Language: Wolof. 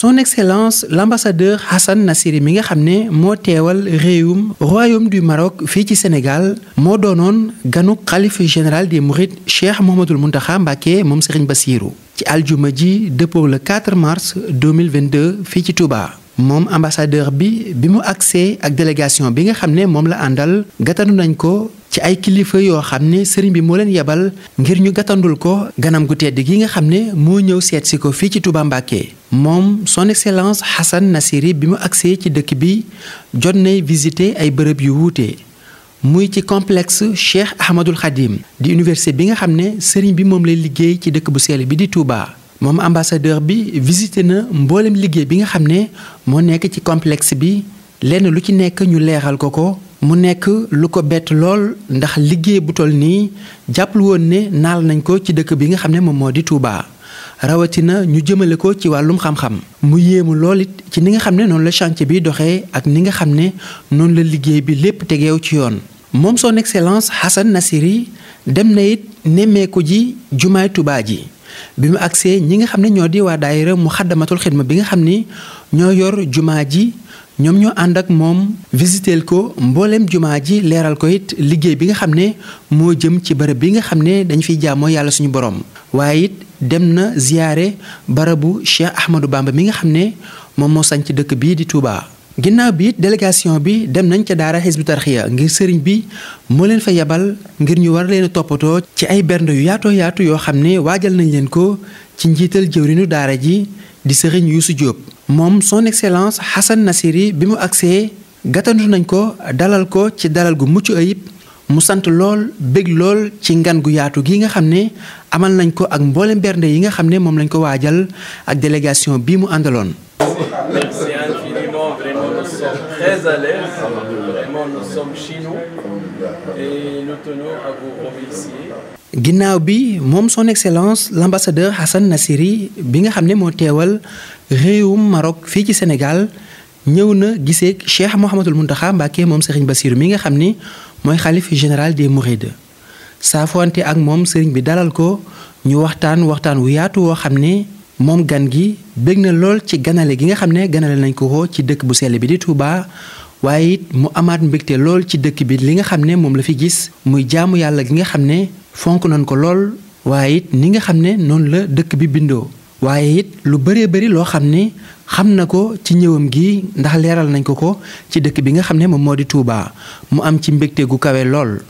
son excellence l'ambassadeur Hassan Nassiri mi nga xam ne moo teewal réewum royaume du Maroc fii ci Sénégal moo doonoon ganu xalifa général di Mourides Cheikh Mouhamadul Mountakha Mbacké moom ba Bassirou ci aljuma ji dëppoo le 4 mars 2022 fii ci Touba. moom ambassadeur bi bi mu agsee ak délégation bi nga xam ne moom la àndal gatanu nañ ko ci ay kilifa yoo xam ne sëriñ bi moo leen yebal ngir ñu gàttandul ko ganam gu tedd gi nga xam ne moo ñëw seetsi ko fii ci Touba Mbacké moom son excellence Hassan Nasiri bi mu agsee ci dëkk bi jot nay visiter ay bërëb yu wuute muy ci complexe Cheikh Ahmadul Khadim di université bi nga xam ne sëriñ bi moom lay liggéey ci dëkk bu sell bi di Touba. moom ambassadeur bi visité na mboolem liggéey bi nga xam ne moo nekk ci complexe bi lenn lu ci nekk ñu leeral ko ko. mu nekk lu ko bett lool ndax liggéey bu toll nii jàppal woon ne naal nañ ko ci dëkk bi nga xam ne moom moo di Touba rawatina ñu jëmale ko ci wàllum xam-xam. mu yéemu lool it ci ni nga xam ne noonu la chantier bi doxee ak ni nga xam ne noonu la liggéey bi lépp tegeew ci yoon. moom son excellence Hassan Nasiri dem na it nemmeeku ji jumaay Touba ji. bi mu agsee ñi nga xam ne ñoo di waa daayira mu xaddamatul xidma bi nga xam ni ñoo yor jumaa ji ñoom ñoo ànd ak moom visiteel ko mbooleem jumaa ji leeral ko it liggéey bi nga xam ne moo jëm ci bërëb bi nga xam ne dañu fiy jaamoo yàlla suñu borom waaye it dem na ziyaare barabu Cheikh Ahmadou Bamba mi nga xam ne moom moo sañ ci dëkk bii di Touba. ginnaaw bi it délégation bi dem nañ ca daara xisbu tarxiya ngir sëriñ bi moo leen fa yebal ngir ñu war leen a toppatoo ci ay bernde yu yaatoo yaatu yoo xam ne waajal nañ leen ko ci njiital jëwrinu daara ji di sëriñ yu Diop. moom son excellence Hassan Nasiri bi mu agsee gàttandu nañ ko dalal ko ci dalal gu mucc ayib mu sant lool bég lool ci ngan gu yaatu gi nga xam ne amal nañ ko ak mboolem bernde yi nga xam ne moom lañ ko waajal ak délégation bi mu àndaloon. ginnaaw bi moom son excellence l'ambassadeur Hassan Nassiri bi nga xam ne moo teewal réewum Maroc fii ci senegal ñëw na gisee Cheikh Mouhamadul Mountakha Mbacké moom Serigne Bassirou mi nga xam ni mooy xalif général des Mourides saafonte ak moom Serigne bi dalal ko ñu waxtaan waxtaan wu yaatu woo xam ne. moom gan gi bég na lool ci ganale gi nga xam ne ganale nañ ko ko ci dëkk bu sell bi di Touba waaye it mu amaat mbégte lool ci dëkk bi li nga xam ne moom la fi gis muy jaamu yàlla gi nga xam ne fonk nañ ko lool waaye it ni nga xam ne noonu la dëkk bi bindoo waaye it lu bëree bëri loo xam ne xam na ko ci ñëwam gi ndax leeral nañ ko ko ci dëkk bi nga xam ne moom moo di Touba mu am ci mbégte gu kawe lool